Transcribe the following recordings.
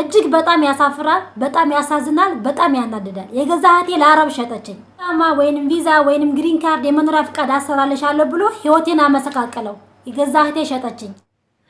እጅግ በጣም ያሳፍራል፣ በጣም ያሳዝናል፣ በጣም ያናድዳል። የገዛ እህቴ ለአረብ ሸጠችኝ። ማ ወይንም ቪዛ ወይንም ግሪን ካርድ የመኖሪያ ፍቃድ አሰራልሻለሁ ብሎ ህይወቴን አመሰቃቀለው። የገዛ እህቴ ሸጠችኝ።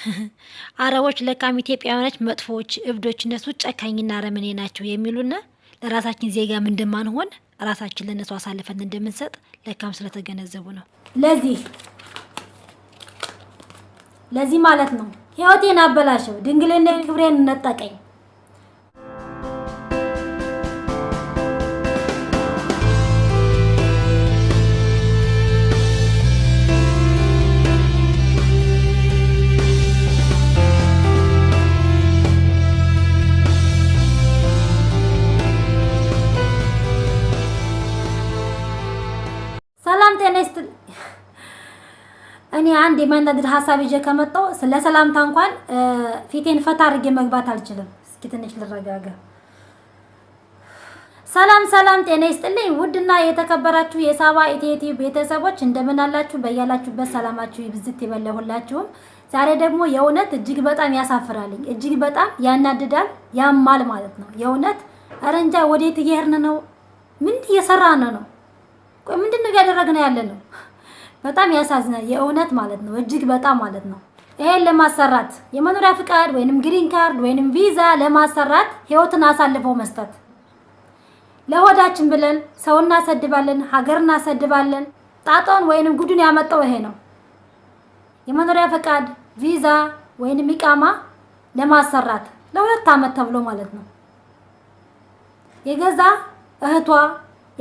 አረቦች ለካም ኢትዮጵያውያኖች መጥፎዎች፣ እብዶች፣ እነሱ ጨካኝና አረመኔ ናቸው የሚሉና ለራሳችን ዜጋም እንደማንሆን ራሳችን ለእነሱ አሳልፈን እንደምንሰጥ ለካም ስለተገነዘቡ ነው። ለዚህ ለዚህ ማለት ነው ህይወቴን አበላሸው፣ ድንግልና ክብሬን እነጠቀኝ። ጤና ይስጥ። እኔ አንድ የሚያናድድ ሀሳብ ይዤ ከመጣሁ ስለ ሰላምታ እንኳን ፊቴን ፈታ አድርጌ መግባት አልችልም። እስኪ ትንሽ ልረጋጋ። ሰላም ሰላም፣ ጤና ይስጥልኝ ውድና የተከበራችሁ የሳባ ኢቴቲ ቤተሰቦች እንደምን አላችሁ? በያላችሁበት ሰላማችሁ ይብዝት ይበለሁላችሁም። ዛሬ ደግሞ የእውነት እጅግ በጣም ያሳፍራልኝ፣ እጅግ በጣም ያናድዳል፣ ያማል ማለት ነው። የእውነት ኧረ እንጃ ወዴት እየሄድን ነው? ምን እየሰራን ነው? ምንድን ነው ያደረግነው ያለ ነው። በጣም ያሳዝናል የእውነት ማለት ነው እጅግ በጣም ማለት ነው። ይሄን ለማሰራት የመኖሪያ ፍቃድ ወይንም ግሪን ካርድ ወይንም ቪዛ ለማሰራት ህይወትን አሳልፈው መስጠት ለሆዳችን ብለን ሰው እናሰድባለን፣ ሀገር እናሰድባለን። ጣጣውን ወይንም ጉዱን ያመጣው ይሄ ነው። የመኖሪያ ፈቃድ ቪዛ ወይንም ኢቃማ ለማሰራት ለሁለት ዓመት ተብሎ ማለት ነው። የገዛ እህቷ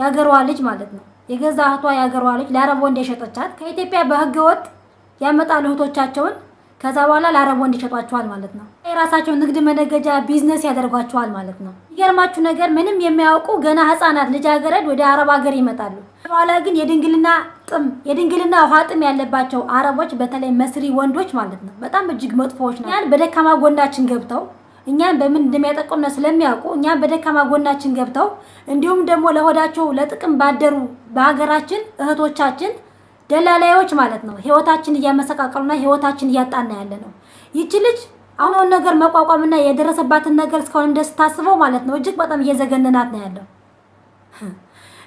ያገሯ ልጅ ማለት ነው የገዛ እህቷ የሀገሯ ልጅ ለአረብ ወንድ የሸጠቻት ከኢትዮጵያ በህገ ወጥ ያመጣሉ እህቶቻቸውን። ከዛ በኋላ ለአረብ ወንድ ይሸጧቸዋል ማለት ነው። የራሳቸው ንግድ መነገጃ ቢዝነስ ያደርጓቸዋል ማለት ነው። የሚገርማችሁ ነገር ምንም የሚያውቁ ገና ህጻናት ልጃገረድ ወደ አረብ ሀገር ይመጣሉ። በኋላ ግን የድንግልና ጥም የድንግልና ውሃ ጥም ያለባቸው አረቦች፣ በተለይ መስሪ ወንዶች ማለት ነው በጣም እጅግ መጥፎዎች ነው። በደካማ ጎንዳችን ገብተው እኛን በምን እንደሚያጠቁምና ስለሚያውቁ እኛን በደካማ ጎናችን ገብተው እንዲሁም ደግሞ ለሆዳቸው ለጥቅም ባደሩ በሀገራችን እህቶቻችን ደላላዮች ማለት ነው ህይወታችን እያመሰቃቀሉና ህይወታችን እያጣና ያለ ነው። ይቺ ልጅ አሁን ነገር መቋቋምና የደረሰባትን ነገር እስካሁን እንደስታስበው ማለት ነው እጅግ በጣም እየዘገነናት ነው ያለው።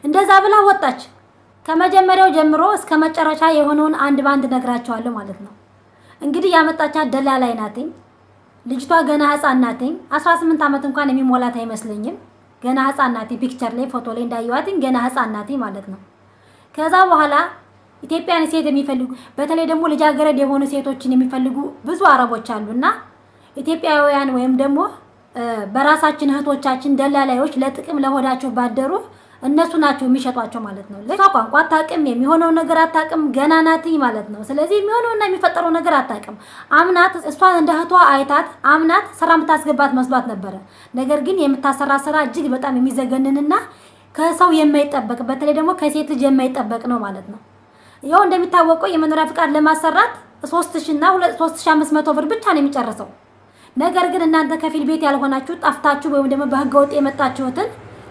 እንደዛ ብላ ወጣች። ከመጀመሪያው ጀምሮ እስከ መጨረሻ የሆነውን አንድ በአንድ ነግራቸዋለሁ ማለት ነው። እንግዲህ ያመጣቻት ደላላይ ናትኝ ልጅቷ ገና ህፃን ናት። 18 ዓመት እንኳን የሚሞላት አይመስለኝም። ገና ህፃን ናት። ፒክቸር ላይ ፎቶ ላይ እንዳየዋትኝ ገና ህፃን ናት ማለት ነው። ከዛ በኋላ ኢትዮጵያን ሴት የሚፈልጉ በተለይ ደግሞ ልጃገረድ የሆኑ ሴቶችን የሚፈልጉ ብዙ አረቦች አሉና ኢትዮጵያውያን ወይም ደግሞ በራሳችን እህቶቻችን ደላላዮች ለጥቅም ለሆዳቸው ባደሩ እነሱ ናቸው የሚሸጧቸው ማለት ነው። እሷ ቋንቋ አታውቅም፣ የሚሆነው ነገር አታውቅም፣ ገና ናት ማለት ነው። ስለዚህ የሚሆነውና የሚፈጠረው ነገር አታውቅም። አምናት እሷን እንደ እህቷ አይታት አምናት ስራ የምታስገባት መስሏት ነበረ። ነገር ግን የምታሰራ ስራ እጅግ በጣም የሚዘገንንና ከሰው የማይጠበቅ በተለይ ደግሞ ከሴት ልጅ የማይጠበቅ ነው ማለት ነው። ያው እንደሚታወቀው የመኖሪያ ፍቃድ ለማሰራት ሶስት እና ሶስት ብር ብቻ ነው የሚጨርሰው። ነገር ግን እናንተ ከፊል ቤት ያልሆናችሁ ጠፍታችሁ ወይም ደግሞ በህገ ወጥ የመጣችሁትን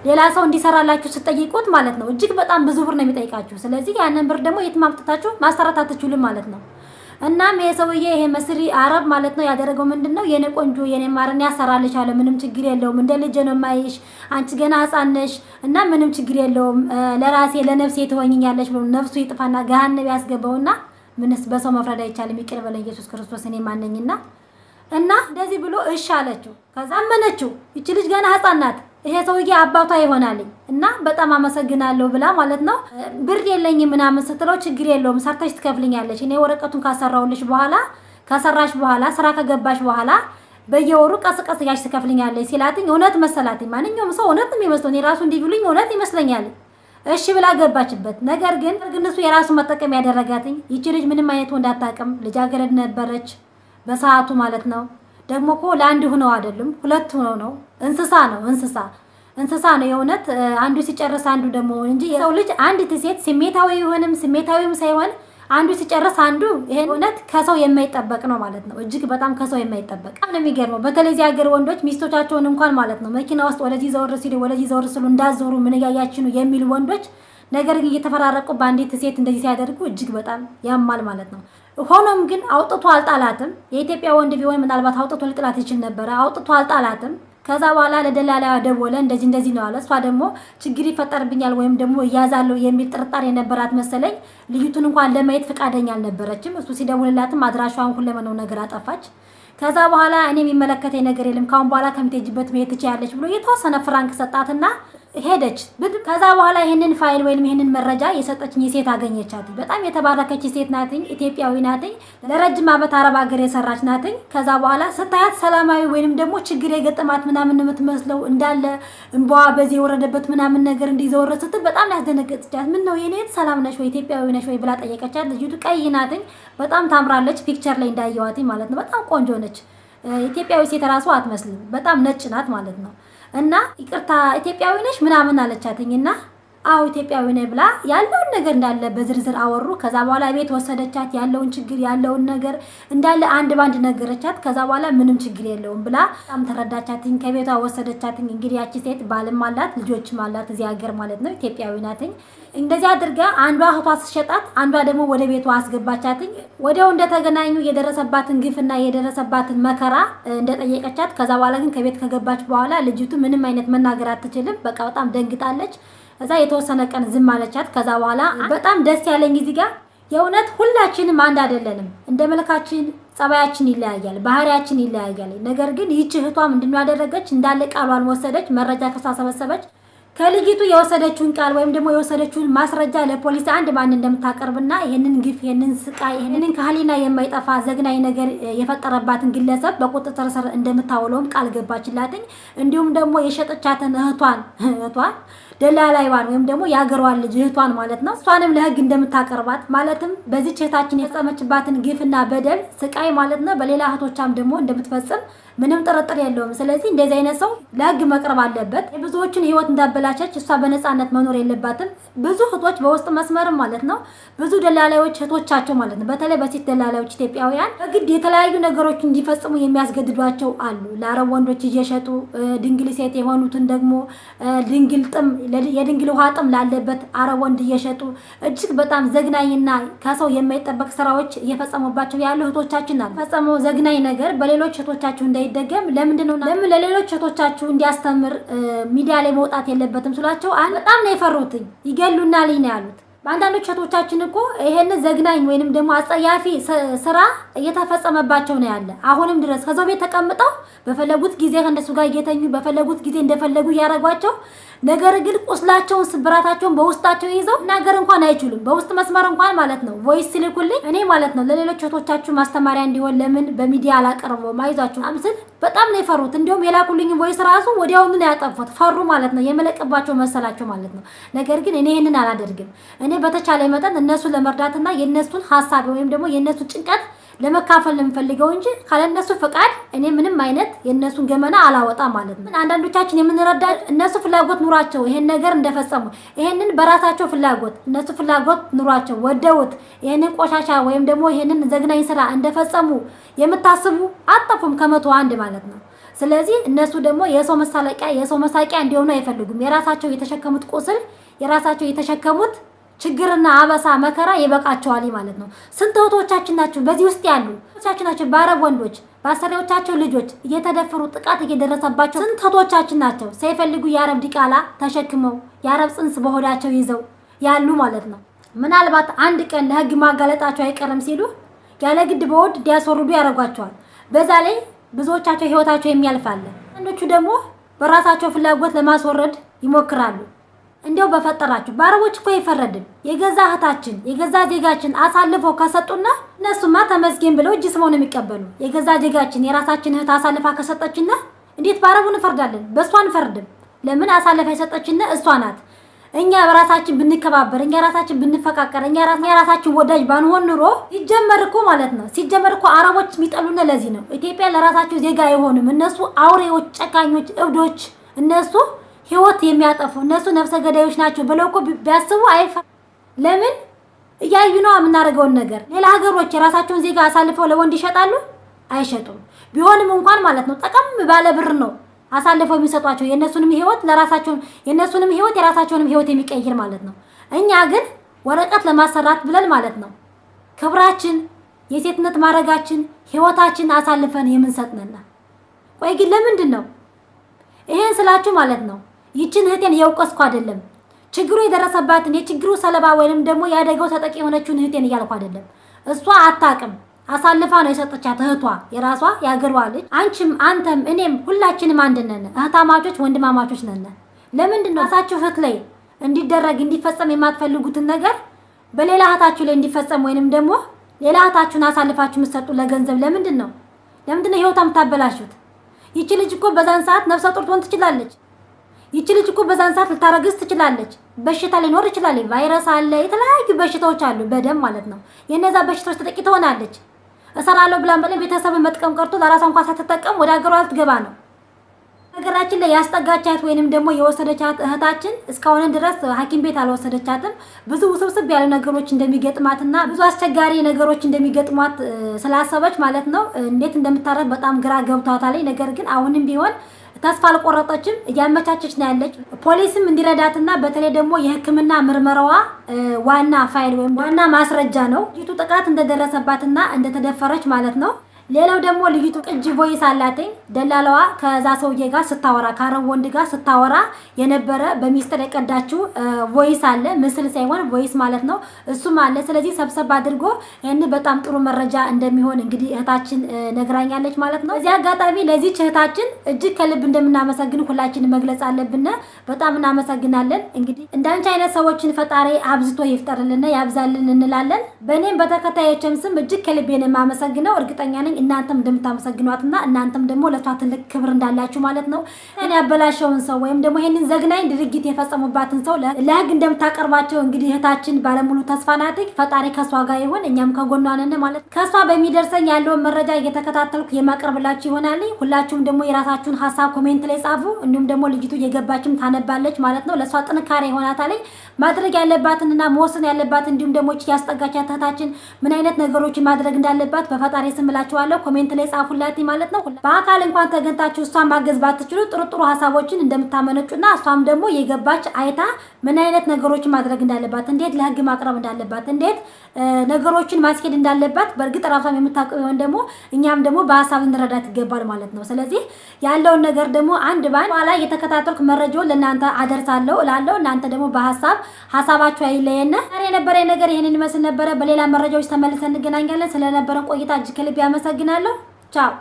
ሌላ ሰው እንዲሰራላችሁ ስጠይቁት ማለት ነው እጅግ በጣም ብዙ ብር ነው የሚጠይቃችሁ። ስለዚህ ያንን ብር ደግሞ የት ማምጣታችሁ ማሰራት አትችሉም ማለት ነው። እናም ይሄ ሰውዬ ይሄ መስሪ አረብ ማለት ነው ያደረገው ምንድን ነው የኔ ቆንጆ የኔ ያሰራልሽ አለ። ምንም ችግር የለውም፣ እንደ ልጄ ነው የማይሽ፣ አንቺ ገና ሕፃን ነሽ እና ምንም ችግር የለውም፣ ለራሴ ለነፍሴ ትሆኝኛለሽ ብሎ ነፍሱ ይጥፋና ገሃነብ ያስገባውና ምንስ በሰው መፍረድ አይቻልም፣ ይቅር በለ ኢየሱስ ክርስቶስ እኔ ማነኝና እና እንደዚህ ብሎ እሺ አለችው። ከዛ አመነችው። ይቺ ልጅ ገና ሕፃን ናት። ይሄ ሰውዬ አባቷ ይሆናልኝ እና በጣም አመሰግናለሁ ብላ ማለት ነው። ብር የለኝም ምናምን ስትለው ችግር የለውም ሰርተሽ ትከፍልኛለች፣ እኔ ወረቀቱን ካሰራሁልሽ በኋላ ከሰራሽ በኋላ ስራ ከገባሽ በኋላ በየወሩ ቀስ ቀስ ትከፍልኛለች ሲላትኝ እውነት መሰላትኝ። ማንኛውም ሰው እውነት ነው የሚመስለው፣ እኔ ራሱ እንዲህ ቢሉኝ እውነት ይመስለኛል። እሺ ብላ ገባችበት። ነገር ግን እሱ የራሱ መጠቀም ያደረጋትኝ ይቺ ልጅ ምንም አይነት ወንድ አታውቅም፣ ልጃገረድ ነበረች በሰዓቱ ማለት ነው። ደግሞ እኮ ለአንድ ሁነው አይደሉም ሁለት ሁነው ነው። እንስሳ ነው እንስሳ እንስሳ ነው የእውነት አንዱ ሲጨርስ አንዱ ደግሞ እንጂ የሰው ልጅ አንዲት ሴት ስሜታዊ ይሆንም ስሜታዊም ሳይሆን አንዱ ሲጨርስ አንዱ ይሄን እውነት ከሰው የማይጠበቅ ነው ማለት ነው። እጅግ በጣም ከሰው የማይጠበቅ ነው። የሚገርመው በተለይ እዚህ ሀገር ወንዶች ሚስቶቻቸውን እንኳን ማለት ነው መኪና ውስጥ ወደዚህ ዘወር ሲሉ ወደዚህ ዘወር ሲሉ እንዳዞሩ ምን እያያችሁ ነው የሚሉ ወንዶች ነገር ግን እየተፈራረቁ በአንዲት ሴት እንደዚህ ሲያደርጉ እጅግ በጣም ያማል ማለት ነው። ሆኖም ግን አውጥቶ አልጣላትም። የኢትዮጵያ ወንድ ቢሆን ምናልባት አውጥቶ ሊጥላት ይችል ነበረ። አውጥቶ አልጣላትም። ከዛ በኋላ ለደላላ ደወለ። እንደዚህ እንደዚህ ነው አለ። እሷ ደግሞ ችግር ይፈጠርብኛል ወይም ደግሞ እያዛለሁ የሚል ጥርጣሬ የነበራት መሰለኝ። ልዩቱን እንኳን ለማየት ፈቃደኛ አልነበረችም። እሱ ሲደውልላትም አድራሿን ሁለመናው ነገር አጠፋች። ከዛ በኋላ እኔ የሚመለከተኝ ነገር የለም፣ ካሁን በኋላ ከምትሄጂበት መሄድ ትችያለች ብሎ የተወሰነ ፍራንክ ሰጣትና ሄደች። ከዛ በኋላ ይህንን ፋይል ወይም ይህንን መረጃ የሰጠችኝ ሴት አገኘቻት። በጣም የተባረከች ሴት ናትኝ፣ ኢትዮጵያዊ ናትኝ፣ ለረጅም ዓመት አረብ ሀገር የሰራች ናትኝ። ከዛ በኋላ ስታያት ሰላማዊ ወይንም ደግሞ ችግር የገጠማት ምናምን የምትመስለው እንዳለ እንባዋ በዚህ የወረደበት ምናምን ነገር እንዲዘወረ ስትል በጣም ያስደነገጥቻት። ምን ነው የኔት ሰላም ነሽ ወይ ኢትዮጵያዊ ነሽ ወይ ብላ ጠየቀቻት። ልጅቱ ቀይ ናትኝ፣ በጣም ታምራለች። ፒክቸር ላይ እንዳየዋትኝ ማለት ነው። በጣም ቆንጆ ነች። ኢትዮጵያዊ ሴት ራሱ አትመስልም። በጣም ነጭ ናት ማለት ነው። እና ይቅርታ ኢትዮጵያዊ ነሽ ምናምን አለቻትኝ እና አዎ ኢትዮጵያዊ ነኝ ብላ ያለውን ነገር እንዳለ በዝርዝር አወሩ። ከዛ በኋላ ቤት ወሰደቻት። ያለውን ችግር ያለውን ነገር እንዳለ አንድ ባንድ ነገረቻት። ከዛ በኋላ ምንም ችግር የለውም ብላ በጣም ተረዳቻትኝ። ከቤቷ ወሰደቻትኝ። እንግዲህ ያቺ ሴት ባልም አላት ልጆችም አላት እዚህ ሀገር ማለት ነው። ኢትዮጵያዊ ናትኝ። እንደዚህ አድርጋ አንዷ እህቷ ስሸጣት፣ አንዷ ደግሞ ወደ ቤቷ አስገባቻትኝ። ወዲያው እንደተገናኙ የደረሰባትን ግፍና የደረሰባትን መከራ እንደጠየቀቻት፣ ከዛ በኋላ ግን ከቤት ከገባች በኋላ ልጅቱ ምንም አይነት መናገር አትችልም። በቃ በጣም ደንግጣለች። እዛ የተወሰነ ቀን ዝም አለቻት። ከዛ በኋላ በጣም ደስ ያለኝ ጊዜ ጋር የእውነት ሁላችንም አንድ አይደለንም። እንደ መልካችን ጸባያችን ይለያያል፣ ባህሪያችን ይለያያል። ነገር ግን ይህች እህቷ ምንድን ያደረገች እንዳለ ቃሏን ወሰደች። መረጃ ከሳሰበሰበች ከልጅቱ የወሰደችውን ቃል ወይም ደግሞ የወሰደችውን ማስረጃ ለፖሊስ አንድ ማን እንደምታቀርብና ይህንን ግፍ ይህንን ስቃይ ይህንን ከህሊና የማይጠፋ ዘግናኝ ነገር የፈጠረባትን ግለሰብ በቁጥጥር ስር እንደምታውለውም ቃል ገባችላትኝ። እንዲሁም ደግሞ የሸጠቻትን እህቷን እህቷን ደላላይዋን ወይም ደግሞ የአገሯን ልጅ እህቷን ማለት ነው እሷንም ለህግ እንደምታቀርባት ማለትም በዚች እህታችን የፈጸመችባትን ግፍና በደል ስቃይ ማለት ነው በሌላ እህቶቻም ደግሞ እንደምትፈጽም ምንም ጥርጥር የለውም። ስለዚህ እንደዚህ አይነት ሰው ለህግ መቅረብ አለበት። የብዙዎችን ህይወት እንዳበላሸች እሷ በነፃነት መኖር የለባትም። ብዙ እህቶች በውስጥ መስመርም ማለት ነው ብዙ ደላላዮች እህቶቻቸው ማለት ነው በተለይ በሴት ደላላዮች ኢትዮጵያውያን በግድ የተለያዩ ነገሮች እንዲፈጽሙ የሚያስገድዷቸው አሉ። ለአረብ ወንዶች እየሸጡ ድንግል ሴት የሆኑትን ደግሞ ድንግል ጥም የድንግል ውሃ ጥም ላለበት አረብ ወንድ እየሸጡ እጅግ በጣም ዘግናኝና ከሰው የማይጠበቅ ስራዎች እየፈጸሙባቸው ያሉ እህቶቻችን አሉ። ፈጸመው ዘግናኝ ነገር በሌሎች እህቶቻችሁ እንዳይ እንዳይደገም ለምንድነው ለምን ለሌሎች እህቶቻችሁ እንዲያስተምር ሚዲያ ላይ መውጣት የለበትም ስሏቸው በጣም ነው የፈሩትኝ፣ ይገሉናል ነው ያሉት። በአንዳንዶች እህቶቻችን እኮ ይሄን ዘግናኝ ወይንም ደግሞ አጸያፊ ስራ እየተፈጸመባቸው ነው ያለ። አሁንም ድረስ ከዛው ቤት ተቀምጠው በፈለጉት ጊዜ ከእነሱ ጋር እየተኙ በፈለጉት ጊዜ እንደፈለጉ እያደረጓቸው ነገር ግን ቁስላቸውን፣ ስብራታቸውን በውስጣቸው ይዘው ነገር እንኳን አይችሉም። በውስጥ መስመር እንኳን ማለት ነው ቮይስ ሲልኩልኝ እኔ ማለት ነው ለሌሎች እህቶቻችሁ ማስተማሪያ እንዲሆን ለምን በሚዲያ አላቀርበውም አይዟችሁ አምስል በጣም ነው የፈሩት። እንዲሁም የላኩልኝ ቮይስ ራሱ ወዲያውኑ ነው ያጠፉት። ፈሩ ማለት ነው የመለቀባቸው መሰላቸው ማለት ነው። ነገር ግን እኔ ይህንን አላደርግም። እኔ በተቻለ መጠን እነሱን ለመርዳትና የእነሱን ሀሳብ ወይም ደግሞ የእነሱን ጭንቀት ለመካፈል የምፈልገው እንጂ ካለነሱ ፍቃድ እኔ ምንም አይነት የእነሱን ገመና አላወጣ ማለት ነው። አንዳንዶቻችን የምንረዳ እነሱ ፍላጎት ኑሯቸው ይሄን ነገር እንደፈጸሙ ይሄንን በራሳቸው ፍላጎት እነሱ ፍላጎት ኑሯቸው ወደውት ይሄንን ቆሻሻ ወይም ደግሞ ይሄንን ዘግናኝ ስራ እንደፈጸሙ የምታስቡ አጠፉም ከመቶ አንድ ማለት ነው። ስለዚህ እነሱ ደግሞ የሰው መሳለቂያ የሰው መሳቂያ እንዲሆኑ አይፈልጉም። የራሳቸው የተሸከሙት ቁስል የራሳቸው የተሸከሙት ችግርና አበሳ መከራ ይበቃቸዋል ማለት ነው። ስንት እህቶቻችን ናቸው በዚህ ውስጥ ያሉ ቻችን ናቸው በአረብ ወንዶች በአሰሪዎቻቸው ልጆች እየተደፈሩ ጥቃት እየደረሰባቸው ስንት እህቶቻችን ናቸው ሳይፈልጉ የአረብ ዲቃላ ተሸክመው የአረብ ጽንስ በሆዳቸው ይዘው ያሉ ማለት ነው። ምናልባት አንድ ቀን ለህግ ማጋለጣቸው አይቀርም ሲሉ ያለ ግድ በወድ እንዲያስወርዱ ያደርጓቸዋል። በዛ ላይ ብዙዎቻቸው ህይወታቸው የሚያልፋለን። አንዶቹ ደግሞ በራሳቸው ፍላጎት ለማስወረድ ይሞክራሉ። እንዲያው በፈጠራችሁ በአረቦች እኮ አይፈረድም የገዛ እህታችን የገዛ ዜጋችን አሳልፈው ከሰጡና እነሱማ ተመስገን ብለው እጅ ስመው ነው የሚቀበሉ። የገዛ ዜጋችን የራሳችን እህት አሳልፋ ከሰጠችና እንዴት በአረቡ እንፈርዳለን? በእሷ አንፈርድም። ለምን አሳልፋ የሰጠችና እሷ ናት። እኛ በራሳችን ብንከባበር፣ እኛ ራሳችን ብንፈቃቀር፣ እኛ ራሳችን ወዳጅ ባንሆን ኑሮ ሲጀመር እኮ ማለት ነው ሲጀመር እኮ አረቦች የሚጠሉን ለዚህ ነው። ኢትዮጵያ ለራሳቸው ዜጋ አይሆንም። እነሱ አውሬዎች፣ ጨካኞች፣ እብዶች እነሱ ህይወት የሚያጠፉ እነሱ ነፍሰ ገዳዮች ናቸው ብለው እኮ ቢያስቡ አይፈ ለምን እያዩ ነው የምናደርገውን ነገር። ሌላ ሀገሮች የራሳቸውን ዜጋ አሳልፈው ለወንድ ይሸጣሉ? አይሸጡም። ቢሆንም እንኳን ማለት ነው ጠቀም ባለ ብር ነው አሳልፈው የሚሰጧቸው የእነሱንም ህይወት ለራሳቸውን የእነሱንም ህይወት የራሳቸውንም ህይወት የሚቀይር ማለት ነው። እኛ ግን ወረቀት ለማሰራት ብለን ማለት ነው ክብራችን፣ የሴትነት ማድረጋችን፣ ህይወታችን አሳልፈን የምንሰጥንና ቆይ ግን ለምንድን ነው ይሄን ስላችሁ ማለት ነው ይችን እህቴን እያውቀስኩ አይደለም ችግሩ የደረሰባትን የችግሩ ሰለባ ወይንም ደግሞ የአደጋው ተጠቂ የሆነችውን እህቴን እያልኩ አይደለም። እሷ አታውቅም። አሳልፋ ነው የሰጠቻት እህቷ የራሷ የአገሯ ልጅ። አንቺም፣ አንተም፣ እኔም ሁላችንም አንድ ነን። እህታማቾች ወንድማማቾች ነን። ለምንድን ነው ራሳችሁ እህት ላይ እንዲደረግ እንዲፈጸም የማትፈልጉትን ነገር በሌላ እህታችሁ ላይ እንዲፈጸም ወይንም ደግሞ ሌላ እህታችሁን አሳልፋችሁ የምትሰጡ ለገንዘብ ለምንድን ነው? ለምንድን ነው ህይወቷ የምታበላሹት? ይቺ ልጅ እኮ በዛን ሰዓት ነፍሰ ጡር ትሆን ትችላለች። ይቺ ልጅ እኮ በዛን ሰዓት ልታረግዝ ትችላለች። በሽታ ሊኖር ይችላል። ቫይረስ አለ፣ የተለያዩ በሽታዎች አሉ፣ በደም ማለት ነው። የነዛ በሽታዎች ተጠቂ ትሆናለች። እሰራለሁ ብላን በላይ ቤተሰብን መጥቀም ቀርቶ ለራሷ እንኳን ሳትጠቀም ወደ ሀገሯ ልትገባ ነው። ነገራችን ላይ ያስጠጋቻት ወይንም ደግሞ የወሰደቻት እህታችን እስካሁን ድረስ ሐኪም ቤት አልወሰደቻትም። ብዙ ውስብስብ ያሉ ነገሮች እንደሚገጥማትና ብዙ አስቸጋሪ ነገሮች እንደሚገጥሟት ስላሰበች ማለት ነው እንዴት እንደምታረግ በጣም ግራ ገብቷታል። ነገር ግን አሁንም ቢሆን ተስፋ አልቆረጠችም፣ እያመቻቸች ነው ያለች። ፖሊስም እንዲረዳትና በተለይ ደግሞ የሕክምና ምርመራዋ ዋና ፋይል ወይም ዋና ማስረጃ ነው ልጅቱ ጥቃት እንደደረሰባትና እንደተደፈረች ማለት ነው። ሌላው ደግሞ ልዩቱ ቅጂ ቮይስ አላትኝ ደላላዋ ከዛ ሰውዬ ጋር ስታወራ ከአረብ ወንድ ጋር ስታወራ የነበረ በሚስጥር የቀዳችው ቮይስ አለ፣ ምስል ሳይሆን ቮይስ ማለት ነው። እሱም አለ። ስለዚህ ሰብሰብ አድርጎ ይህን በጣም ጥሩ መረጃ እንደሚሆን እንግዲህ እህታችን ነግራኛለች ማለት ነው። እዚህ አጋጣሚ ለዚች እህታችን እጅግ ከልብ እንደምናመሰግን ሁላችን መግለጽ አለብን። በጣም እናመሰግናለን። እንግዲህ እንዳንቺ አይነት ሰዎችን ፈጣሪ አብዝቶ ይፍጠርልን፣ ያብዛልን እንላለን። በእኔም በተከታዮችም ስም እጅግ ከልቤን የማመሰግነው እርግጠኛ ነኝ እናንተም እንደምታመሰግኗትና እናንተም ደግሞ ለቷ ትልቅ ክብር እንዳላችሁ ማለት ነው። እኔ ያበላሸውን ሰው ወይም ደግሞ ይህንን ዘግናኝ ድርጊት የፈጸሙባትን ሰው ለህግ እንደምታቀርባቸው እንግዲህ እህታችን ባለሙሉ ተስፋ ናት። ፈጣሪ ከእሷ ጋር ይሁን፣ እኛም ከጎኗ ነን ማለት ከእሷ በሚደርሰኝ ያለውን መረጃ እየተከታተልኩ የማቀርብላችሁ ይሆናል። ሁላችሁም ደግሞ የራሳችሁን ሀሳብ ኮሜንት ላይ ጻፉ። እንዲሁም ደግሞ ልጅቱ እየገባችም ታነባለች ማለት ነው። ለእሷ ጥንካሬ ይሆናታል። ማድረግ ያለባትንና መወሰን ያለባት እንዲሁም ደግሞ ያስጠጋቻት እህታችን ምን አይነት ነገሮችን ማድረግ እንዳለባት በፈጣሪ ስም እላችኋለሁ። አለው። ኮሜንት ላይ ጻፉላት ማለት ነው። በአካል እንኳን ተገንታችሁ እሷን ማገዝ ባትችሉ ጥሩ ጥሩ ሀሳቦችን እንደምታመነጩና እሷም ደግሞ የገባች አይታ ምን አይነት ነገሮችን ማድረግ እንዳለባት፣ እንዴት ለህግ ማቅረብ እንዳለባት፣ እንዴት ነገሮችን ማስኬድ እንዳለባት በእርግጥ ራሷም የምታውቀው ይሆን ደግሞ እኛም ደግሞ በሀሳብ እንረዳት ይገባል ማለት ነው። ስለዚህ ያለውን ነገር ደግሞ አንድ ባንድ ኋላ የተከታተልኩ መረጃውን ለእናንተ አደርሳለሁ እላለሁ። እናንተ ደግሞ በሀሳብ ሀሳባችሁ አይለየን። ዛሬ የነበረ ነገር ይህንን ይመስል ነበረ። በሌላ መረጃዎች ተመልሰን እንገናኛለን። ስለነበረን ቆይታ እጅግ ከልብ ያመሰግ አመሰግናለሁ። ቻው